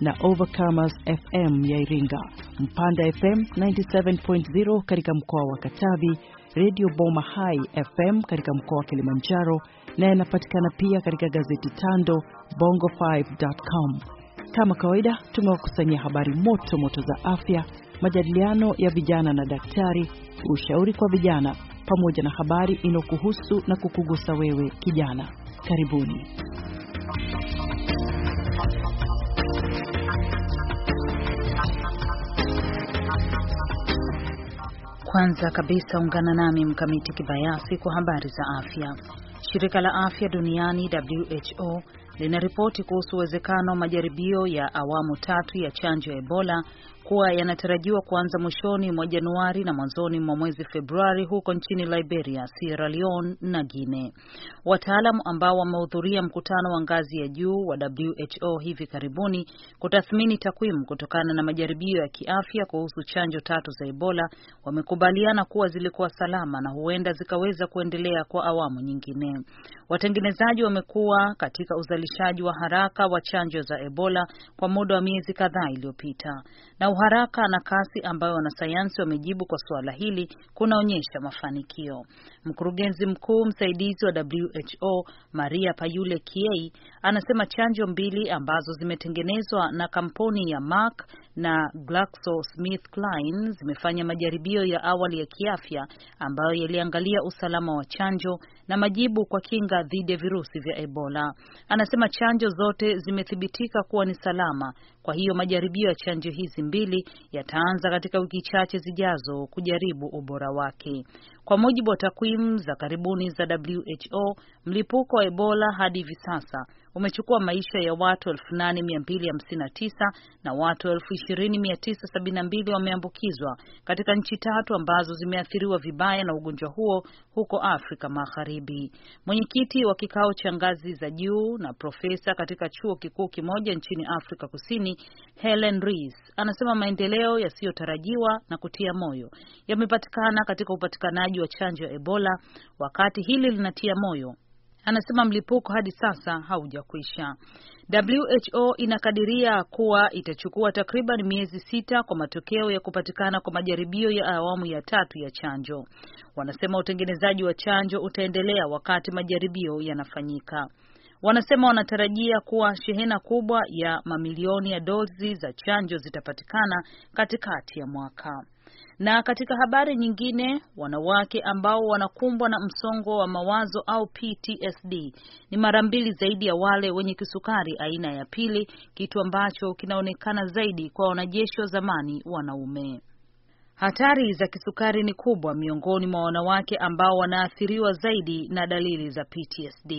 na Overcomers FM ya Iringa, Mpanda FM 97.0 katika mkoa wa Katavi, Radio Boma High FM katika mkoa wa Kilimanjaro na yanapatikana pia katika gazeti Tando Bongo5.com. Kama kawaida, tumewakusanyia habari moto moto za afya, majadiliano ya vijana na daktari, ushauri kwa vijana, pamoja na habari inayokuhusu na kukugusa wewe kijana. Karibuni. Kwanza kabisa ungana nami Mkamiti Kibayasi kwa habari za afya. Shirika la Afya Duniani WHO linaripoti kuhusu uwezekano wa majaribio ya awamu tatu ya chanjo ya Ebola kuwa yanatarajiwa kuanza mwishoni mwa Januari na mwanzoni mwa mwezi Februari huko nchini Liberia, Sierra Leone na Guinea. Wataalam ambao wamehudhuria mkutano wa ngazi ya juu wa WHO hivi karibuni kutathmini takwimu kutokana na majaribio ya kiafya kuhusu chanjo tatu za Ebola wamekubaliana kuwa zilikuwa salama na huenda zikaweza kuendelea kwa awamu nyingine. Watengenezaji wamekuwa katika uzalishaji wa haraka wa chanjo za Ebola kwa muda wa miezi kadhaa iliyopita na Uharaka na kasi ambayo wanasayansi wamejibu kwa suala hili kunaonyesha mafanikio. Mkurugenzi mkuu msaidizi wa WHO Maria Payule Kiei anasema chanjo mbili ambazo zimetengenezwa na kampuni ya Merck na GlaxoSmithKline zimefanya majaribio ya awali ya kiafya ambayo yaliangalia usalama wa chanjo na majibu kwa kinga dhidi ya virusi vya Ebola. Anasema chanjo zote zimethibitika kuwa ni salama, kwa hiyo majaribio ya chanjo hizi mbili yataanza katika wiki chache zijazo kujaribu ubora wake. Kwa mujibu wa takwimu za karibuni za WHO, mlipuko wa Ebola hadi hivi sasa umechukua maisha ya watu 8259 na watu 20972 wameambukizwa katika nchi tatu ambazo zimeathiriwa vibaya na ugonjwa huo huko Afrika Magharibi. Mwenyekiti wa kikao cha ngazi za juu na profesa katika chuo kikuu kimoja nchini Afrika Kusini, Helen Rees, anasema maendeleo yasiyotarajiwa na kutia moyo yamepatikana katika upatikanaji wa chanjo ya Ebola, wakati hili linatia moyo anasema mlipuko hadi sasa haujakwisha. WHO inakadiria kuwa itachukua takriban miezi sita kwa matokeo ya kupatikana kwa majaribio ya awamu ya tatu ya chanjo. Wanasema utengenezaji wa chanjo utaendelea wakati majaribio yanafanyika. Wanasema wanatarajia kuwa shehena kubwa ya mamilioni ya dozi za chanjo zitapatikana katikati ya mwaka. Na katika habari nyingine, wanawake ambao wanakumbwa na msongo wa mawazo au PTSD ni mara mbili zaidi ya wale wenye kisukari aina ya pili, kitu ambacho kinaonekana zaidi kwa wanajeshi wa zamani wanaume. Hatari za kisukari ni kubwa miongoni mwa wanawake ambao wanaathiriwa zaidi na dalili za PTSD.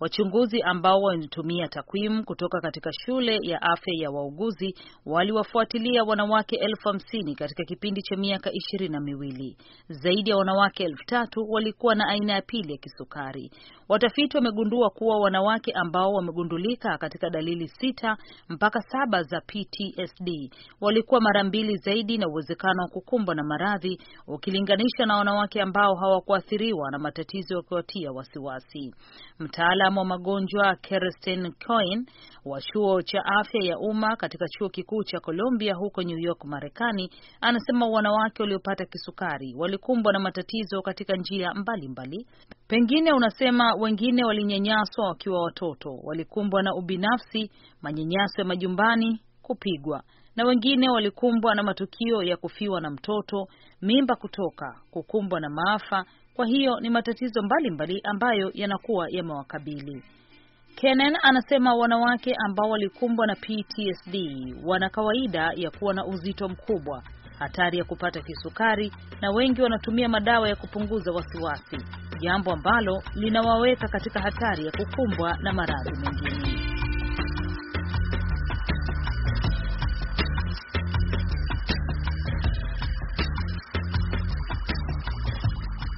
Wachunguzi ambao walitumia takwimu kutoka katika shule ya afya ya wauguzi waliwafuatilia wanawake elfu hamsini katika kipindi cha miaka ishirini na miwili. Zaidi ya wanawake elfu tatu walikuwa na aina ya pili ya kisukari. Watafiti wamegundua kuwa wanawake ambao wamegundulika katika dalili sita mpaka saba za PTSD walikuwa mara mbili zaidi na uwezekano wa kukumbwa na maradhi ukilinganisha na wanawake ambao hawakuathiriwa na matatizo ya kuwatia wasiwasi. Mtaalamu wa magonjwa Kerstin Coin wa chuo cha afya ya umma katika chuo kikuu cha Columbia huko New York, Marekani, anasema wanawake waliopata kisukari walikumbwa na matatizo katika njia mbalimbali mbali. Pengine unasema wengine walinyanyaswa wakiwa watoto, walikumbwa na ubinafsi, manyanyaso ya majumbani, kupigwa na wengine walikumbwa na matukio ya kufiwa na mtoto, mimba kutoka, kukumbwa na maafa. Kwa hiyo ni matatizo mbalimbali mbali ambayo yanakuwa yamewakabili. Kenan anasema wanawake ambao walikumbwa na PTSD wana kawaida ya kuwa na uzito mkubwa, hatari ya kupata kisukari, na wengi wanatumia madawa ya kupunguza wasiwasi, jambo ambalo linawaweka katika hatari ya kukumbwa na maradhi mengine.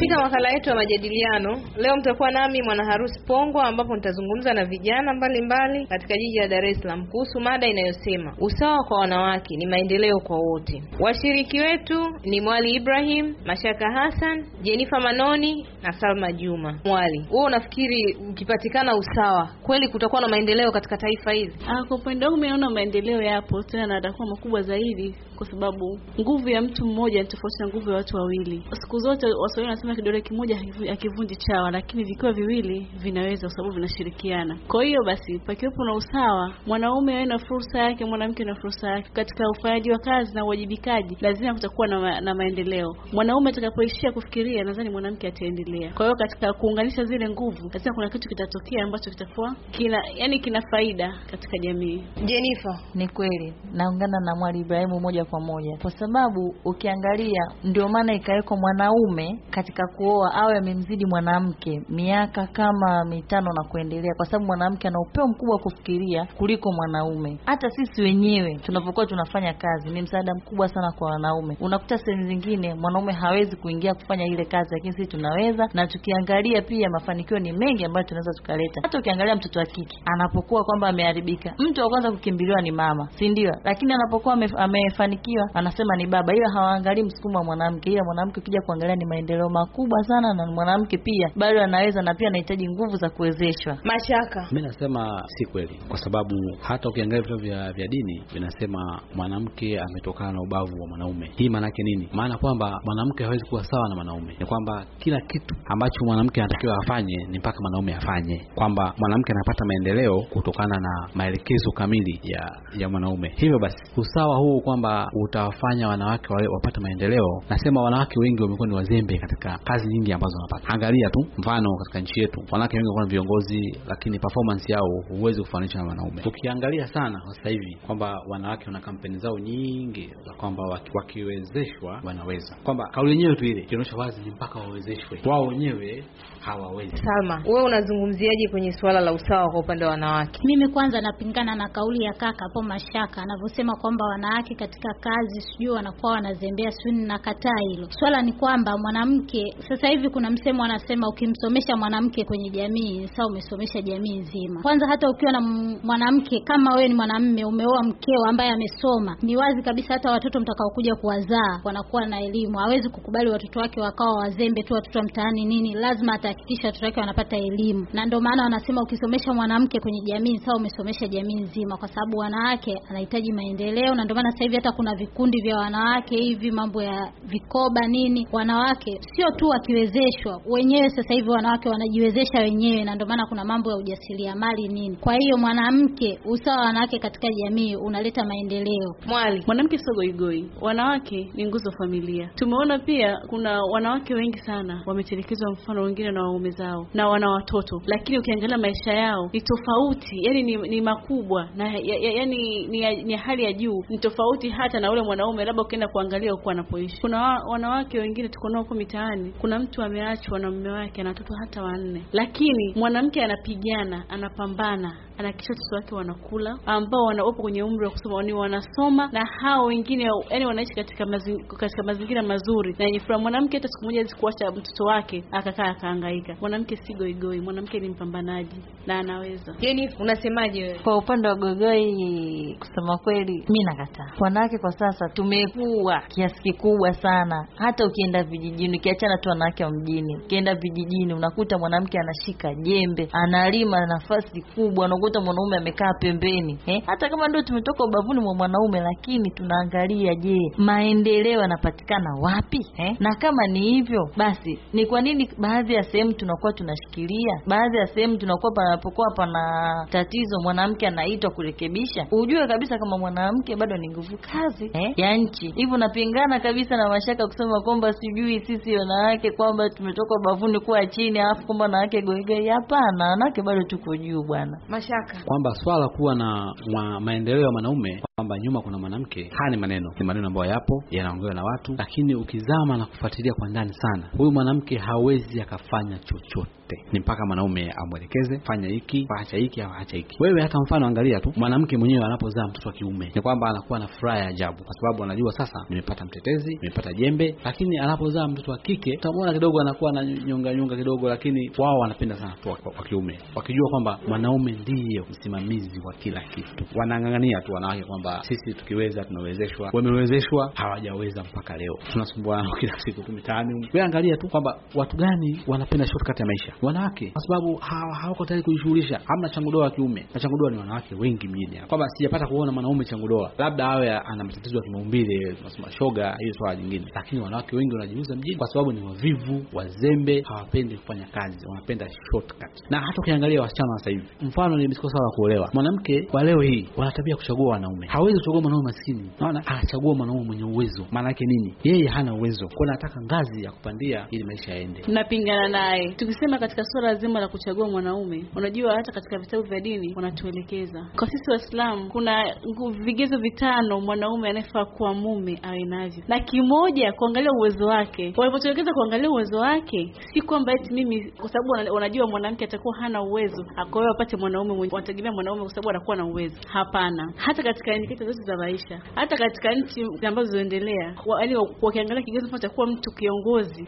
Katika makala yetu ya majadiliano leo mtakuwa nami Mwana Harusi Pongwa, ambapo nitazungumza na vijana mbalimbali mbali katika jiji la Dar es Salaam kuhusu mada inayosema usawa kwa wanawake ni maendeleo kwa wote. Washiriki wetu ni Mwali Ibrahim, Mashaka Hassan, Jenifa Manoni, na Salma Juma Mwali, wewe unafikiri ukipatikana usawa kweli kutakuwa na maendeleo katika taifa hili? Ah, kwa upande wangu mimi naona maendeleo yapo tena, na yatakuwa makubwa zaidi, kwa sababu nguvu ya mtu mmoja ni tofauti na nguvu ya watu wawili. Siku zote Waswahili wanasema kidole kimoja hakivunji chawa, lakini vikiwa viwili vinaweza, kwa sababu vinashirikiana. Kwa hiyo basi, pakiwepo na usawa, mwanaume awe na fursa yake, mwanamke na fursa yake katika ufanyaji wa kazi na uwajibikaji, lazima kutakuwa na, ma na maendeleo. Mwanaume atakapoishia kufikiria, nadhani mwanamke ataendelea familia. Kwa hiyo katika kuunganisha zile nguvu, katika kuna kitu kitatokea ambacho kitakuwa kina yani kina faida katika jamii. Jennifer, ni kweli naungana na Mwalimu Ibrahimu moja kwa moja, kwa sababu ukiangalia, ndio maana ikawekwa mwanaume katika kuoa awe amemzidi mwanamke miaka kama mitano na kuendelea, kwa sababu mwanamke ana upeo mkubwa wa kufikiria kuliko mwanaume. Hata sisi wenyewe tunapokuwa tunafanya kazi ni msaada mkubwa sana kwa wanaume. Unakuta sehemu zingine mwanaume hawezi kuingia kufanya ile kazi, lakini sisi tunaweza, na tukiangalia pia mafanikio ni mengi ambayo tunaweza tukaleta. Hata ukiangalia mtoto wa kike anapokuwa kwamba ameharibika, mtu wa kwanza kukimbiliwa ni mama, si ndio? Lakini anapokuwa amefanikiwa anasema ni baba, ila hawaangalii msukumo wa mwanamke, ila mwanamke ukija kuangalia ni maendeleo makubwa sana, na mwanamke pia bado anaweza na pia anahitaji nguvu za kuwezeshwa. Mashaka, mimi nasema si kweli, kwa sababu hata ukiangalia vitabu vya, vya dini vinasema mwanamke ametokana na ubavu wa mwanaume. Hii maana yake nini? Maana kwamba mwanamke hawezi kuwa sawa na mwanaume, ni kwamba kila kitu ambacho mwanamke anatakiwa afanye ni mpaka mwanaume afanye, kwamba mwanamke anapata maendeleo kutokana na maelekezo kamili ya ya mwanaume. Hivyo basi usawa huu kwamba utawafanya wanawake wale wapate maendeleo, nasema wanawake wengi wamekuwa ni wazembe katika kazi nyingi ambazo wanapata. Angalia tu mfano katika nchi yetu, wanawake wengi wamekuwa viongozi, lakini performance yao huwezi kufanisha na wanaume. Ukiangalia sana sasa hivi kwamba wanawake wana kampeni zao nyingi za kwamba wakiwezeshwa wanaweza, kwamba kauli yenyewe tu ile inaonyesha wazi ni mpaka wawezeshwe 我认为。hawawezi. Salma, wewe unazungumziaje kwenye suala la usawa kwa upande wa wanawake? Mimi kwanza napingana na kauli ya kaka hapo Mashaka anavyosema kwamba wanawake katika kazi sijui wanakuwa wanazembea, sijui ninakataa hilo. Swala ni kwamba mwanamke sasa hivi kuna msemo wanasema, ukimsomesha mwanamke kwenye jamii ni sawa umesomesha jamii nzima. Kwanza hata ukiwa na mwanamke kama wewe ni mwanamme umeoa mkeo ambaye amesoma, ni wazi kabisa hata watoto mtakaokuja kuwazaa wanakuwa na elimu. Hawezi kukubali watoto wake wakawa wazembe tu, watoto wa mtaani nini, lazima ata kuhakikisha watoto wake wanapata elimu, na ndio maana wanasema ukisomesha mwanamke kwenye jamii sawa, umesomesha jamii nzima, kwa sababu wanawake anahitaji maendeleo. Na ndio maana sasa hivi hata kuna vikundi vya wanawake hivi, mambo ya vikoba nini, wanawake sio tu wakiwezeshwa wenyewe, sasa hivi wanawake wanajiwezesha wenyewe, na ndio maana kuna mambo ya ujasiriamali nini. Kwa hiyo mwanamke, usawa wa wanawake katika jamii unaleta maendeleo. Mwali mwanamke sio goigoi, wanawake ni nguzo familia. Tumeona pia kuna wanawake wengi sana wametelekezwa, mfano wengine na waume zao na wana watoto, lakini ukiangalia maisha yao ni tofauti, yani ni, ni makubwa na yani ni, ni hali ya juu, ni tofauti hata na ule mwanaume, labda ukienda kuangalia huko anapoishi. Kuna wa, wanawake wengine tuko nao huko mitaani, kuna mtu ameachwa na mume wake na watoto hata wanne, lakini mwanamke anapigana, anapambana, anakisha watoto wake wanakula, ambao wanaopo kwenye umri wa kusoma ni wanasoma, na hao wengine yani wanaishi katika mazingira, katika mazingira mazuri na yenye furaha. Mwanamke hata siku moja hawezi kuacha mtoto wake akakaa akaangalia kawaida. Mwanamke si goigoi, mwanamke ni mpambanaji na anaweza. Jennifer, yaani unasemaje wewe? Kwa upande wa goigoi, kusema kweli mimi nakataa. Wanawake kwa sasa tumekuwa kiasi kikubwa sana, hata ukienda vijijini, ukiachana tu wanawake wa mjini, ukienda vijijini unakuta mwanamke anashika jembe, analima nafasi kubwa, unakuta mwanaume amekaa pembeni eh? Hata kama ndio tumetoka ubavuni mwa mwanaume, lakini tunaangalia, je, maendeleo yanapatikana wapi eh? Na kama ni hivyo basi, ni kwa nini baadhi ya sehemu tunakuwa tunashikilia, baadhi ya sehemu tunakuwa panapokuwa pana tatizo, mwanamke anaitwa kurekebisha. Ujue kabisa kama mwanamke bado ni nguvu kazi eh, ya nchi. Hivyo napingana kabisa na mashaka kusema kwamba sijui sisi wanawake kwamba tumetoka bavuni kuwa chini, alafu kwamba wanawake goigoi. Hapana, wanawake bado tuko juu bwana. Mashaka kwamba swala kuwa na maendeleo ya mwanaume kwamba nyuma kuna mwanamke. Haya ni maneno, ni maneno ambayo yapo yanaongewa na watu, lakini ukizama na kufuatilia kwa ndani sana, huyu mwanamke hawezi akafanya chochote yote ni mpaka mwanaume amwelekeze, fanya hiki, acha hiki au acha hiki. Wewe hata mfano, angalia tu mwanamke mwenyewe anapozaa mtoto wa kiume, ni kwamba anakuwa na furaha ya ajabu, kwa sababu anajua sasa nimepata mtetezi, nimepata jembe. Lakini anapozaa mtoto wa kike, utamwona kidogo anakuwa na nyonga nyonga kidogo, lakini wao wanapenda sana mtoto wa kiume, wakijua kwamba mwanaume ndiye msimamizi wa kila kitu. Wanang'ang'ania tu wanawake kwamba sisi tukiweza tunawezeshwa, wamewezeshwa hawajaweza mpaka leo, tunasumbua kila siku mitaani. Wewe angalia tu kwamba watu gani wanapenda shortcut ya maisha wanawake, kwa sababu hawako tayari kujishughulisha. Hamna changudoa wa kiume, na changudoa ni wanawake wengi mjini, kwamba sijapata kuona mwanaume changudoa, labda awe ana matatizo ya kimaumbile, tunasema shoga, hiyo swala jingine. Lakini wanawake wengi wanajiuza mjini kwa sababu ni wavivu, wazembe, hawapendi kufanya kazi, wanapenda shortcut. Na hata ukiangalia wasichana sasa hivi, mfano ni msiko sawa kuolewa, mwanamke kwa leo hii wanatabia kuchagua wanaume. Hawezi kuchagua mwanaume maskini, naona anachagua mwanaume mwenye uwezo. Maana yake nini? Yeye hana uwezo, kwa anataka ngazi ya kupandia ili maisha yaende. Napingana naye tukisema katika suala zima la kuchagua mwanaume, unajua hata katika vitabu vya dini wanatuelekeza kwa sisi Waislamu kuna vigezo vitano mwanaume anayefaa kuwa mume awe navyo, na kimoja kuangalia uwezo wake. Walipotuelekeza kuangalia uwezo wake, si kwamba eti mimi, kwa sababu wanajua mwanamke atakuwa hana uwezo, kwa hiyo apate mwanaume, wanategemea mwanaume kwa sababu anakuwa na uwezo. Hapana, hata katika nyakati zote za maisha, hata katika nchi ambazo zinaendelea, wakiangalia kigezo cha kuwa mtu kiongozi,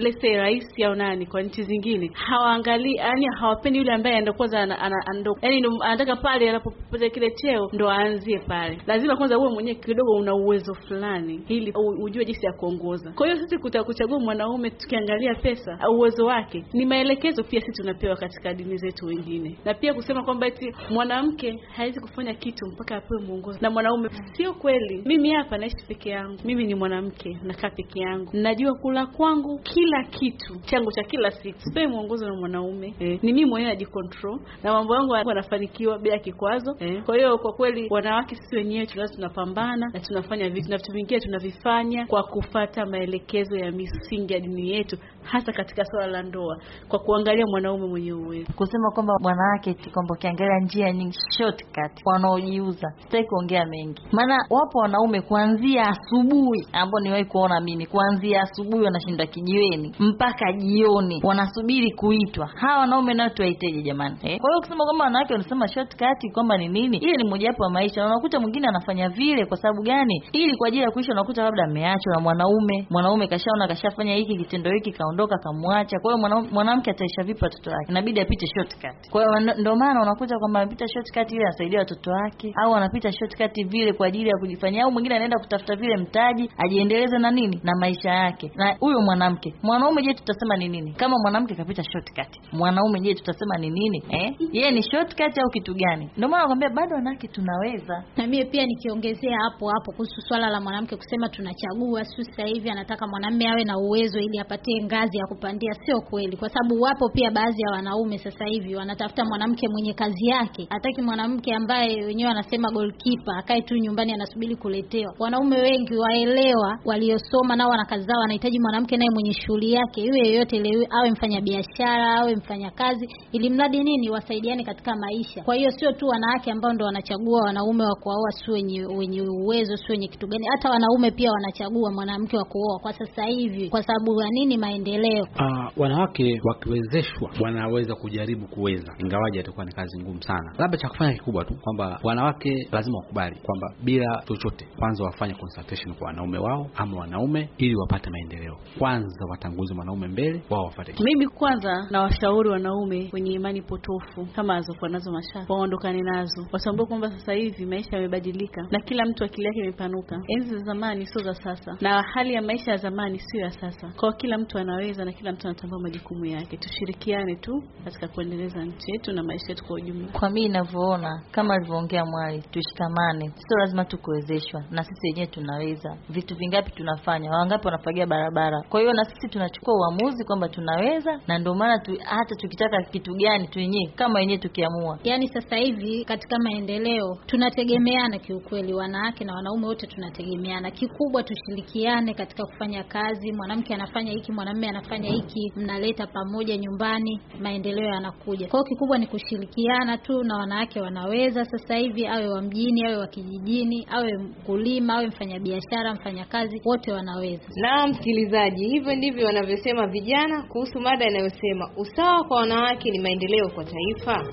let's say rais au nani, kwa nchi zingine hawaangalii, yani hawapendi yule ambaye anaenda kwanza anaondoka, yani anataka pale anapopata kile cheo ndo aanzie pale. Lazima kwanza uwe mwenyewe kidogo una uwezo fulani, ili ujue jinsi ya kuongoza. Kwa hiyo sisi kutaka kuchagua mwanaume tukiangalia pesa au uwezo wake, ni maelekezo pia sisi tunapewa katika dini zetu wengine, na pia kusema kwamba eti mwanamke hawezi kufanya kitu mpaka apewe mwongozo na mwanaume, sio kweli. Mimi hapa naishi peke yangu, mimi ni mwanamke, nakaa peke yangu, najua kula kwangu, kila kitu changu cha kila siku, sipewi naongozwa na mwanaume eh. Ni mimi mwenyewe najicontrol na mambo yangu yanafanikiwa bila kikwazo eh. Kwa hiyo kwa kweli wanawake sisi wenyewe tunaweza tunapambana na tunafanya vitu na vitu vingine tunavifanya kwa kufata maelekezo ya misingi ya dini yetu hasa katika swala la ndoa, kwa kuangalia mwanaume mwenye uwezo, kusema kwamba mwanawake ti kwamba ukiangalia njia nyingi shortcut wanaojiuza. Sitaki kuongea mengi, maana wapo wanaume kuanzia asubuhi ambao niwahi kuona mimi, kuanzia asubuhi wanashinda kijiweni mpaka jioni wanasubiri kuitwa. Hawa wanaume nao tuwaiteje jamani eh? Kwa hiyo kusema kwamba wanawake wanasema shortcut kwamba ni nini, ile ni mojawapo ya maisha, na unakuta mwingine anafanya vile kwa sababu gani? Ili kwa ajili ya kuisha. Unakuta labda ameachwa na mwanaume, mwanaume kashaona, kashafanya hiki kitendo hiki, kaona akaondoka akamwacha. Kwa hiyo mwanamke ataisha vipi watoto wake? Inabidi apite shortcut. Kwa hiyo ndio maana unakuta kwamba anapita shortcut ili asaidia watoto wake, au anapita shortcut vile kwa ajili ya kujifanyia, au mwingine anaenda kutafuta vile mtaji ajiendeleze na nini na maisha yake. Na huyo mwanamke, mwanaume je, tutasema ni nini? Kama mwanamke kapita shortcut, mwanaume je, tutasema ni nini? Eh, yeye ni shortcut au kitu gani? Ndio maana nakwambia bado wanawake tunaweza. Na mimi pia nikiongezea hapo hapo kuhusu swala la mwanamke kusema tunachagua, sio sasa hivi anataka mwanamume awe na uwezo ili apate ngazi kazi ya kupandia sio kweli, kwa sababu wapo pia baadhi ya wanaume sasa hivi wanatafuta mwanamke mwenye kazi yake, hataki mwanamke ambaye wenyewe anasema goalkeeper akae tu nyumbani anasubiri kuletewa. Wanaume wengi waelewa, waliosoma nao wana kazi zao, wanahitaji mwanamke naye mwenye shughuli yake, iwe yoyote ile, awe mfanya biashara awe mfanya kazi, ili mradi nini, wasaidiane katika maisha. Kwa hiyo sio tu wanawake ambao ndo wanachagua wanaume wa kuoa, sio wenye wenye uwezo, sio wenye kitu gani. Hata wanaume pia wanachagua mwanamke wa kuoa kwa sasa hivi, kwa sababu ya nini? maendeleo maendeleo. Uh, wanawake wakiwezeshwa wanaweza kujaribu kuweza, ingawaje atakuwa ni kazi ngumu sana. Labda cha kufanya kikubwa tu kwamba wanawake lazima wakubali kwamba bila chochote, kwanza wafanye consultation kwa wanaume wao ama wanaume, ili wapate maendeleo. Kwanza watangulize mwanaume mbele, wao wafate. Mimi kwanza na washauri wanaume wenye imani potofu kama alizokuwa nazo Mashaka, waondokane nazo, wasambue kwamba sasa hivi maisha yamebadilika na kila mtu akili yake imepanuka. Enzi za zamani sio za sasa, na hali ya maisha ya zamani sio ya sasa, kwa kila mtu ana Uingereza na kila mtu anatambua majukumu yake. Tushirikiane tu katika kuendeleza nchi yetu na maisha yetu kwa ujumla. Kwa mimi ninavyoona, kama alivyoongea Mwali, tushikamane. Sio lazima tukuwezeshwa, na sisi wenyewe tunaweza. Vitu vingapi tunafanya, wangapi wanafagia barabara. Kwa hiyo na sisi tunachukua uamuzi kwamba tunaweza, na ndio maana tu, hata tukitaka kitu gani tu wenyewe kama wenyewe tukiamua. Yaani sasa hivi katika maendeleo tunategemeana kiukweli, wanawake na wanaume wote tunategemeana. Kikubwa tushirikiane katika kufanya kazi, mwanamke anafanya hiki, mwanamume mume anafanya hiki, mnaleta pamoja nyumbani, maendeleo yanakuja. Kwa hiyo kikubwa ni kushirikiana tu, na wanawake wanaweza sasa hivi, awe wa mjini, awe wa kijijini, awe mkulima, awe mfanyabiashara, mfanyakazi, wote wanaweza. Na msikilizaji, hivyo ndivyo wanavyosema vijana kuhusu mada inayosema usawa kwa wanawake ni maendeleo kwa taifa.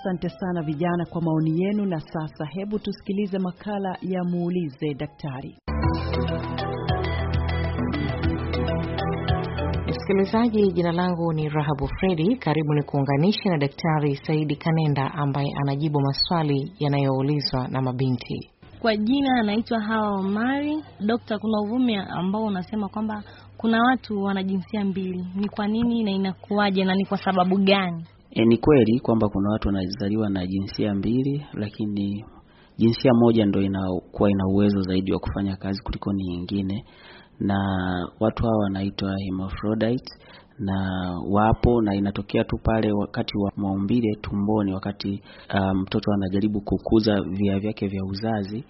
Asante sana vijana kwa maoni yenu. Na sasa hebu tusikilize makala ya muulize daktari. Msikilizaji, jina langu ni Rahabu Fredi. Karibu ni kuunganishi na Daktari Saidi Kanenda ambaye anajibu maswali yanayoulizwa na mabinti. Kwa jina anaitwa Hawa Omari. Dokta, kuna uvumi ambao unasema kwamba kuna watu wana jinsia mbili, ni kwa nini na inakuwaje na ni kwa sababu gani? E, ni kweli kwamba kuna watu wanazaliwa na jinsia mbili, lakini jinsia moja ndio inakuwa ina uwezo zaidi wa kufanya kazi kuliko ni nyingine, na watu hawa wanaitwa hermaphrodites na wapo na inatokea tu pale wakati wa maumbile tumboni, wakati ah, mtoto um, anajaribu kukuza via vyake vya uzazi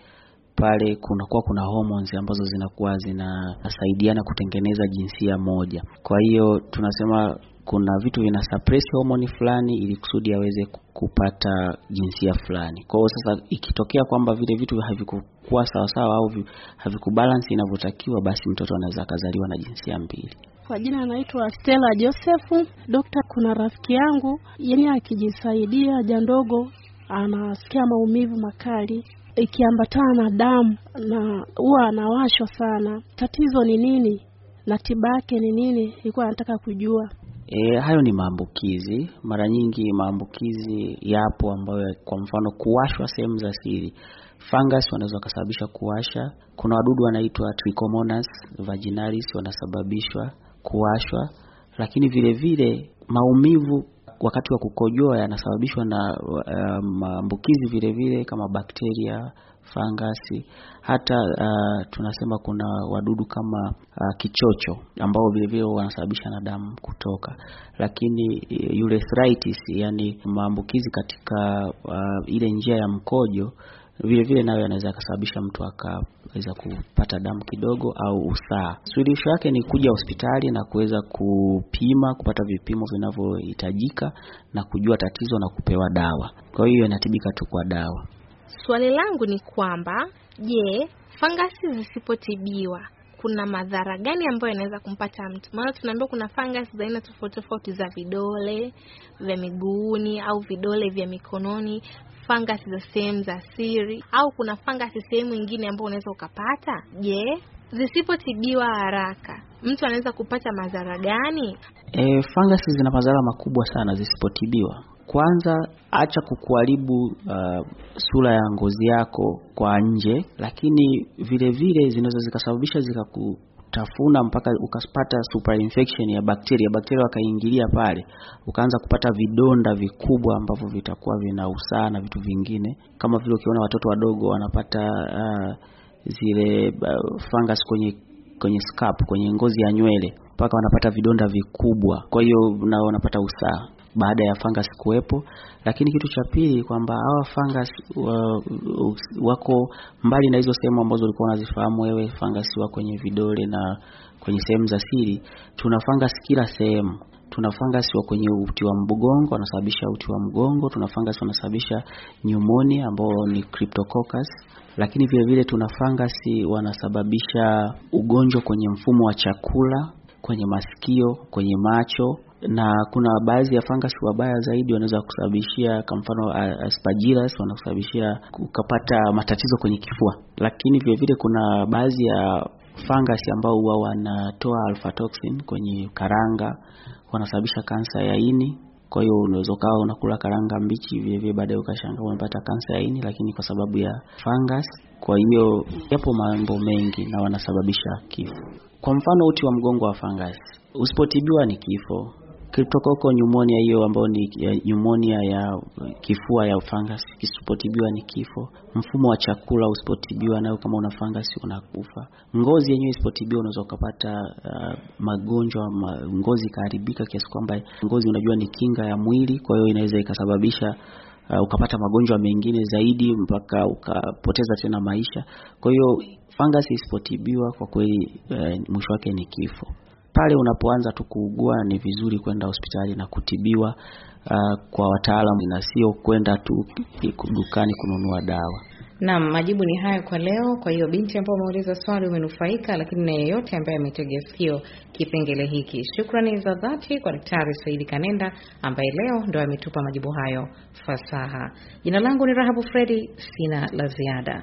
pale kunakuwa kuna hormones ambazo zinakuwa zinasaidiana kutengeneza jinsia moja. Kwa hiyo tunasema kuna vitu vina suppress homoni fulani ili kusudi aweze kupata jinsia fulani. Kwa hiyo sasa ikitokea kwamba vile vitu havikukuwa sawasawa au havikubalance inavyotakiwa, basi mtoto anaweza akazaliwa na jinsia mbili. Kwa jina anaitwa Stella Joseph. Dokta, kuna rafiki yangu yani akijisaidia haja ndogo anasikia maumivu makali ikiambatana na damu na huwa anawashwa sana. Tatizo ni nini na tiba yake ni nini? Nilikuwa anataka kujua. E, hayo ni maambukizi. Mara nyingi maambukizi yapo ambayo kwa mfano kuwashwa sehemu za siri. Fungus wanaweza kusababisha kuwasha. Kuna wadudu wanaitwa Trichomonas vaginalis wanasababishwa kuwashwa, lakini vile vile maumivu wakati wa kukojoa yanasababishwa na eh, maambukizi vile vile kama bakteria fangasi, hata uh, tunasema kuna wadudu kama uh, kichocho ambao vilevile wanasababisha na damu kutoka. Lakini yule eh, yani maambukizi katika uh, ile njia ya mkojo vile vile nayo anaweza akasababisha mtu akaweza kupata damu kidogo au usaa. Suluhisho yake ni kuja hospitali na kuweza kupima, kupata vipimo vinavyohitajika na kujua tatizo na kupewa dawa. Kwa hiyo inatibika tu kwa dawa. Swali langu ni kwamba je, fangasi zisipotibiwa kuna madhara gani ambayo yanaweza kumpata mtu? Maana tunaambiwa kuna fangasi za aina tofauti tofauti za vidole vya miguuni au vidole vya mikononi, fangasi za sehemu za siri, au kuna fangasi sehemu nyingine ambayo unaweza ukapata. Je, zisipotibiwa haraka mtu anaweza kupata madhara gani? E, fangasi zina madhara makubwa sana zisipotibiwa kwanza acha kukuharibu uh, sura ya ngozi yako kwa nje lakini vile vile zinaweza zikasababisha zikakutafuna mpaka ukapata super infection ya bakteria bakteria wakaingilia pale ukaanza kupata vidonda vikubwa ambavyo vitakuwa vina usaa na vitu vingine kama vile ukiona watoto wadogo wanapata uh, zile uh, fungus kwenye kwenye scalp kwenye ngozi ya nywele mpaka wanapata vidonda vikubwa kwa hiyo na wanapata usaa baada ya fungus kuwepo, lakini kitu cha pili kwamba hawa fungus wako mbali na hizo sehemu ambazo ulikuwa unazifahamu wewe, fungus wa kwenye vidole na kwenye sehemu za siri. Tuna fungus kila sehemu tuna fungus wa kwenye uti wa mgongo wanasababisha uti wa mgongo. Tuna fungus wanasababisha pneumonia ambao ni cryptococcus, lakini vile vile tuna fungus wanasababisha ugonjwa kwenye mfumo wa chakula, kwenye masikio, kwenye macho na kuna baadhi ya fungus wabaya zaidi wanaweza kusababishia kwa mfano aspergillus wanakusababishia ukapata matatizo kwenye kifua lakini vile vile kuna baadhi ya fungus ambao huwa wanatoa alpha toxin kwenye karanga wanasababisha kansa ya ini kwa hiyo unaweza ukawa unakula karanga mbichi vile vile baadaye ukashanga umepata kansa ya ini lakini kwa sababu ya fungus kwa hiyo yapo mambo mengi na wanasababisha kifo kwa mfano uti wa mgongo wa fungus usipotibiwa ni kifo huko nyumonia hiyo ambayo ni nyumonia ya kifua ya fungus, kisipotibiwa ni kifo. Mfumo wa chakula usipotibiwa nayo, kama una fungus unakufa. Ngozi yenyewe isipotibiwa, unaweza ukapata uh, magonjwa ma, ngozi ikaharibika kiasi kwamba ngozi, unajua ni kinga ya mwili, kwa hiyo inaweza ikasababisha uh, ukapata magonjwa mengine zaidi mpaka ukapoteza tena maisha. Kwa hiyo fungus isipotibiwa, kwa kweli uh, mwisho wake ni kifo pale unapoanza tu kuugua ni vizuri kwenda hospitali na kutibiwa uh, kwa wataalamu na sio kwenda tu dukani kununua dawa. Naam, majibu ni hayo kwa leo. Kwa hiyo binti ambayo umeuliza swali umenufaika, lakini na yeyote ambaye ametegea sikio kipengele hiki, shukrani za dhati kwa Daktari Saidi Kanenda ambaye leo ndo ametupa majibu hayo fasaha. Jina langu ni Rahabu Fredi, sina la ziada.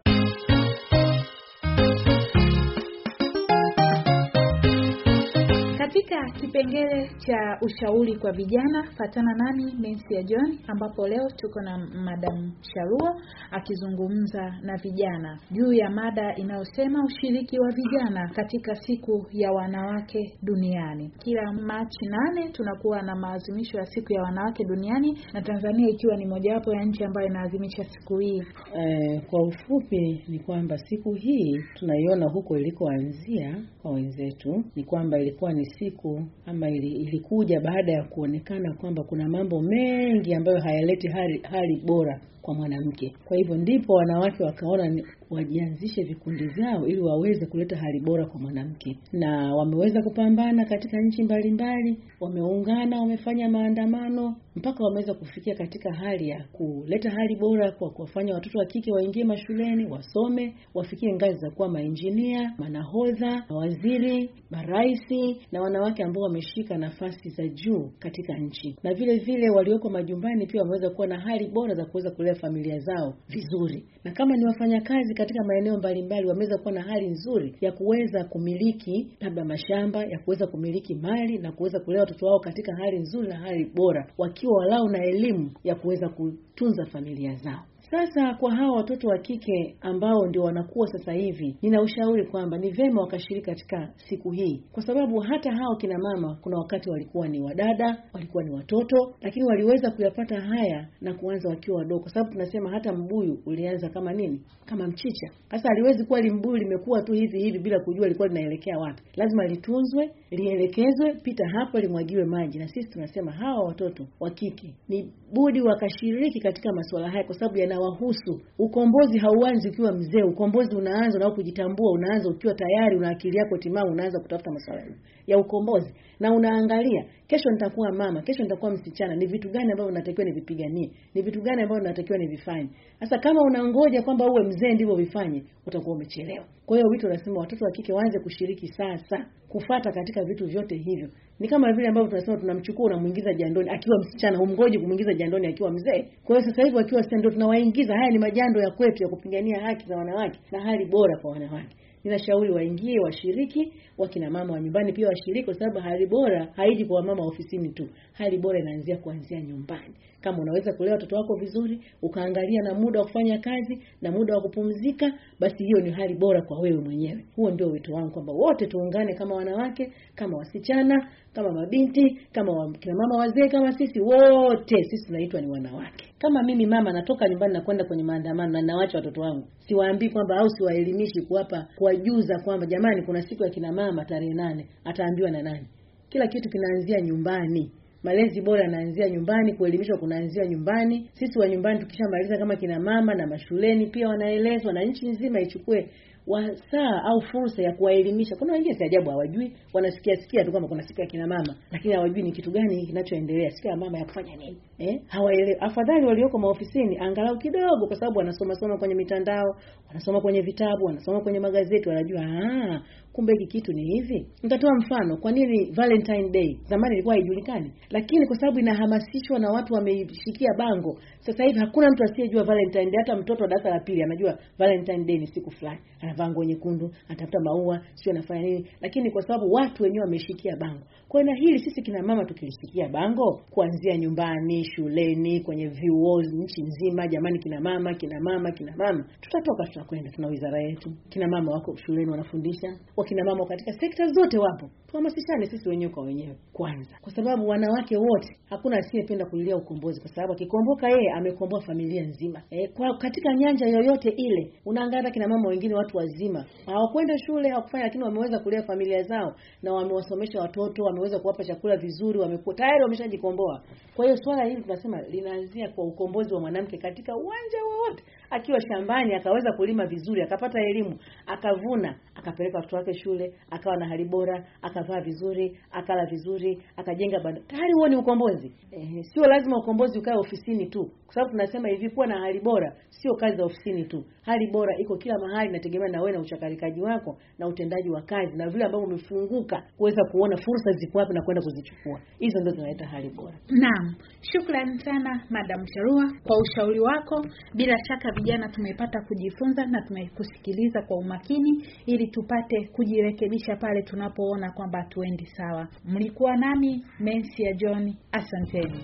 Katika kipengele cha ushauri kwa vijana, fatana nami Mensi ya John, ambapo leo tuko na Madam Sharua akizungumza na vijana juu ya mada inayosema ushiriki wa vijana katika siku ya wanawake duniani. Kila Machi nane tunakuwa na maadhimisho ya siku ya wanawake duniani na Tanzania ikiwa ni mojawapo ya nchi ambayo inaadhimisha siku hii. Eh, kwa ufupi ni kwamba siku hii tunaiona huko ilikoanzia kwa wenzetu, ni kwamba ilikuwa ni siku ama ilikuja baada ya kuonekana kwamba kuna mambo mengi ambayo hayaleti hali, hali bora kwa mwanamke. Kwa hivyo ndipo wanawake wakaona wajianzishe vikundi vyao ili waweze kuleta hali bora kwa mwanamke, na wameweza kupambana katika nchi mbalimbali, wameungana, wamefanya maandamano mpaka wameweza kufikia katika hali ya kuleta hali bora kwa kuwafanya watoto wa kike waingie mashuleni, wasome, wafikie ngazi za kuwa mainjinia, manahodha, mawaziri, maraisi na wanawake ambao wameshika nafasi za juu katika nchi, na vile vile walioko majumbani pia wameweza kuwa na hali bora za kuweza kuleta ya familia zao vizuri, na kama ni wafanyakazi katika maeneo mbalimbali wameweza kuwa na hali nzuri ya kuweza kumiliki labda mashamba, ya kuweza kumiliki mali na kuweza kulea watoto wao katika hali nzuri na hali bora, wakiwa walau na elimu ya kuweza kutunza familia zao. Sasa kwa hawa watoto wa kike ambao ndio wanakuwa sasa hivi, nina ushauri kwamba ni vema wakashiriki katika siku hii, kwa sababu hata hao kina mama kuna wakati walikuwa ni wadada, walikuwa ni watoto, lakini waliweza kuyapata haya na kuanza wakiwa wadogo, kwa sababu tunasema hata mbuyu ulianza kama nini, kama mchicha. Sasa aliwezi kuwa limbuyu limekuwa tu hivi hivi bila kujua lilikuwa linaelekea wapi. Lazima litunzwe, lielekezwe, pita hapa, limwagiwe maji. Na sisi tunasema hawa watoto wa kike ni budi wakashiriki katika masuala haya kwa sababu yanawahusu. Ukombozi hauanzi ukiwa mzee. Ukombozi unaanza na kujitambua, unaanza ukiwa tayari una akili yako timamu, unaanza kutafuta masuala ya ukombozi na unaangalia kesho nitakuwa mama, kesho nitakuwa msichana, ni vitu gani ambavyo natakiwa nivipiganie, ni vitu gani ambavyo natakiwa nivifanye. Sasa kama unangoja kwamba uwe mzee ndivyo vifanye, utakuwa umechelewa. Kwa hiyo wito unasema watoto wa kike waanze kushiriki sasa, kufata katika vitu vyote hivyo. Ni kama vile ambavyo tunasema tunamchukua, unamuingiza jandoni akiwa msichana, humgoji kumuingiza jandoni akiwa mzee. Kwa hiyo sasa hivi akiwa sasa ndio tunawaingiza. Haya ni majando ya kwetu ya kupigania haki za wanawake na hali bora kwa wanawake ninashauri waingie, washiriki, wakina mama wa nyumbani pia washiriki, kwa sababu hali bora haiji kwa mama ofisini tu. Hali bora inaanzia kuanzia nyumbani. Kama unaweza kulea watoto wako vizuri, ukaangalia na muda wa kufanya kazi na muda wa kupumzika, basi hiyo ni hali bora kwa wewe mwenyewe. Huo ndio wito wangu kwamba wote tuungane kama wanawake, kama wasichana, kama mabinti, kama wakina mama wazee, kama sisi wote, sisi tunaitwa ni wanawake. Kama mimi mama natoka nyumbani na kwenda kwenye maandamano na nawacha watoto wangu, siwaambii kwamba au siwaelimishi kuwapa kuwajuza kwamba jamani, kuna siku ya kina mama tarehe nane, ataambiwa na nani? Kila kitu kinaanzia nyumbani. Malezi bora yanaanzia nyumbani, kuelimishwa kunaanzia nyumbani. Sisi wa nyumbani tukishamaliza kama kina mama na mashuleni pia wanaelezwa, na nchi nzima ichukue wasaa au fursa ya kuwaelimisha. Kuna wengine si ajabu hawajui, wanasikia sikia tu kama kuna siku ya kina mama, lakini hawajui ni kitu gani kinachoendelea, siku ya mama ya kufanya nini eh, hawaelewi. Afadhali walioko maofisini angalau kidogo, kwa sababu wanasoma soma kwenye mitandao, wanasoma kwenye vitabu, wanasoma kwenye magazeti, wanajua ah, kumbe hiki kitu ni hivi. Nitatoa mfano, kwa nini Valentine Day zamani ilikuwa haijulikani, lakini kwa sababu inahamasishwa na watu wameishikia bango sasa hivi hakuna mtu asiyejua Valentine Day. Hata mtoto wa darasa la pili anajua Valentine Day ni siku fulani, anavaa nguo nyekundu, anatafuta maua, sio anafanya nini, lakini kwa sababu watu wenyewe wameshikia bango. Kwa hiyo na hili sisi kina mama tukilishikia bango kuanzia nyumbani, shuleni, kwenye vyuo, nchi nzima, jamani, kina mama, kina mama, kina mama, tutatoka, tutakwenda, tuna wizara yetu. Kina mama wako shuleni wanafundisha, wakina mama katika sekta zote wapo tuhamasishane sisi wenyewe kwa wenyewe kwanza, kwa sababu wanawake wote, hakuna asiyependa kulilia ukombozi, kwa sababu akikomboka yeye amekomboa familia nzima. E, kwa katika nyanja yoyote ile, unaangalia kina mama wengine watu wazima hawakwenda shule, hawakufanya, lakini wameweza kulea familia zao na wamewasomesha watoto, wameweza kuwapa chakula vizuri, wamekuwa tayari wameshajikomboa. Kwa hiyo swala hili tunasema linaanzia kwa ukombozi wa mwanamke katika uwanja wowote wa akiwa shambani akaweza kulima vizuri, akapata elimu, akavuna, akapeleka watoto wake shule, akawa na hali bora, akavaa vizuri, akala vizuri, akajenga banda. Tayari huo ni ukombozi. Eh, sio lazima ukombozi ukae ofisini tu, kwa sababu tunasema hivi, kuwa na hali bora sio kazi za ofisini tu. Hali bora iko kila mahali, inategemea na wewe na uchakarikaji wako na utendaji wa kazi na vile ambavyo umefunguka kuweza kuona fursa ziko wapi na kwenda kuzichukua. Hizo ndio zinaleta hali bora. Naam, shukrani sana Madam Sharua kwa ushauri wako. Bila shaka vijana tumepata kujifunza na tumekusikiliza kwa umakini, ili tupate kujirekebisha pale tunapoona kwamba hatuendi sawa. Mlikuwa nami Mensia John, asanteni.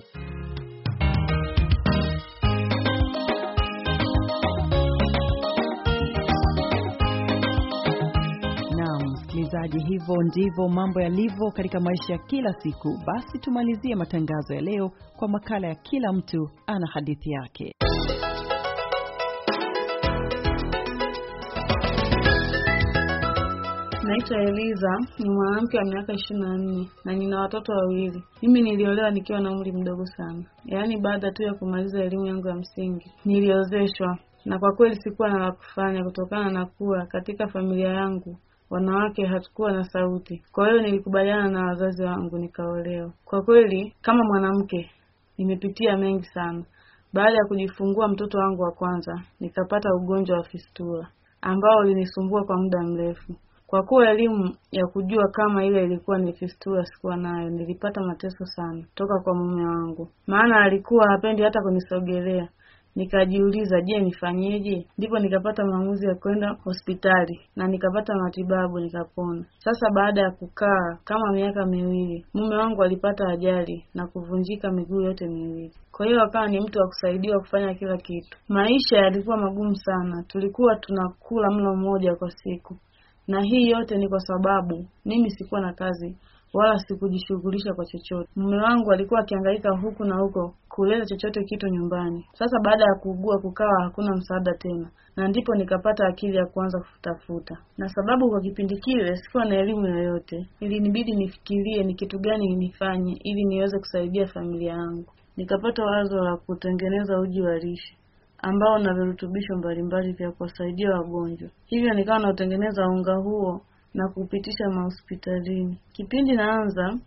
msikilizaji, hivyo ndivyo mambo yalivyo katika maisha ya kila siku. Basi tumalizie matangazo ya leo kwa makala ya kila mtu ana hadithi yake. Naitwa Eliza, ni mwanamke wa miaka ishirini na nne na nina watoto wawili. Mimi niliolewa nikiwa na umri mdogo sana, yaani baada tu ya kumaliza elimu yangu ya msingi niliozeshwa, na kwa kweli sikuwa na la kufanya kutokana na kuwa katika familia yangu wanawake hatukuwa na sauti. Kwa hiyo nilikubaliana na wazazi wangu nikaolewa. Kwa kweli, kama mwanamke nimepitia mengi sana. Baada ya kujifungua mtoto wangu wa kwanza, nikapata ugonjwa wa fistula ambao ulinisumbua kwa muda mrefu. Kwa kuwa elimu ya kujua kama ile ilikuwa ni fistula sikuwa nayo, nilipata mateso sana toka kwa mume wangu, maana alikuwa hapendi hata kunisogelea. Nikajiuliza, je, nifanyeje? Ndipo nikapata maamuzi ya kwenda hospitali na nikapata matibabu nikapona. Sasa baada ya kukaa kama miaka miwili, mume wangu alipata ajali na kuvunjika miguu yote miwili. Kwa hiyo akawa ni mtu wa kusaidiwa kufanya kila kitu. Maisha yalikuwa magumu sana, tulikuwa tunakula mlo mmoja kwa siku, na hii yote ni kwa sababu mimi sikuwa na kazi wala sikujishughulisha kwa chochote. Mume wangu alikuwa akihangaika huku na huko kuleta chochote kitu nyumbani. Sasa baada ya kuugua kukawa hakuna msaada tena, na ndipo nikapata akili ya kuanza kufutafuta, na sababu kwa kipindi kile sikuwa na elimu yoyote, ilinibidi nifikirie ni kitu gani nifanye ili niweze kusaidia familia yangu. Nikapata wazo la kutengeneza uji wa lishe ambao na virutubisho mbalimbali vya kuwasaidia wagonjwa, hivyo nikawa nautengeneza unga huo na kupitisha mahospitalini. Kipindi naanza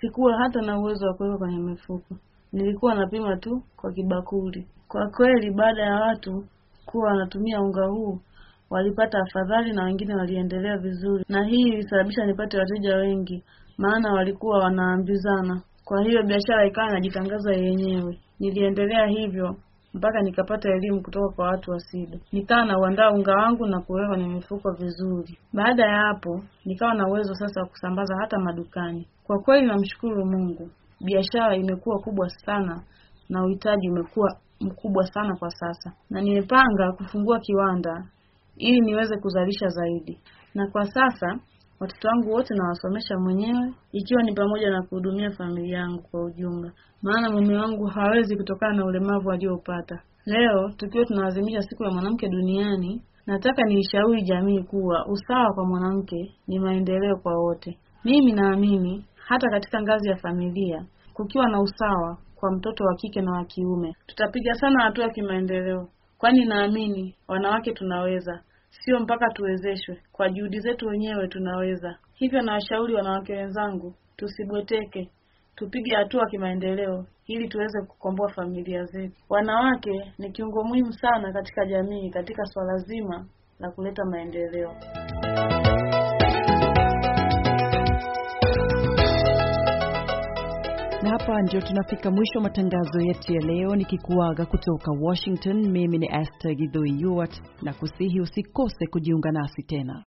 sikuwa hata na uwezo wa kuweka kwenye mifuko, nilikuwa napima tu kwa kibakuli. Kwa kweli, baada ya watu kuwa wanatumia unga huu walipata afadhali na wengine waliendelea vizuri, na hii ilisababisha nipate wateja wengi, maana walikuwa wanaambizana. Kwa hiyo biashara ikawa inajitangaza yenyewe. Niliendelea hivyo mpaka nikapata elimu kutoka kwa watu wa SIDA. Nikawa nauandaa unga wangu na kuweka kwenye mifuko vizuri. Baada ya hapo, nikawa na uwezo sasa wa kusambaza hata madukani. Kwa kweli namshukuru Mungu, biashara imekuwa kubwa sana na uhitaji umekuwa mkubwa sana kwa sasa, na nimepanga kufungua kiwanda ili niweze kuzalisha zaidi, na kwa sasa Watoto wangu wote nawasomesha mwenyewe, ikiwa ni pamoja na kuhudumia familia yangu kwa ujumla, maana mume wangu hawezi kutokana na ulemavu aliopata. Leo tukiwa tunaadhimisha siku ya mwanamke duniani, nataka niishauri jamii kuwa usawa kwa mwanamke ni maendeleo kwa wote. Mimi naamini hata katika ngazi ya familia, kukiwa na usawa kwa mtoto wa kike na wa kiume, tutapiga sana hatua kimaendeleo, kwani naamini wanawake tunaweza sio mpaka tuwezeshwe. Kwa juhudi zetu wenyewe tunaweza. Hivyo na washauri wanawake wenzangu, tusibweteke, tupige hatua kimaendeleo ili tuweze kukomboa familia zetu. Wanawake ni kiungo muhimu sana katika jamii, katika swala zima la kuleta maendeleo. Na hapa ndio tunafika mwisho matangazo yetu ya leo, nikikuaga kutoka Washington. Mimi ni Esther Gidhui yuat na kusihi usikose kujiunga nasi tena.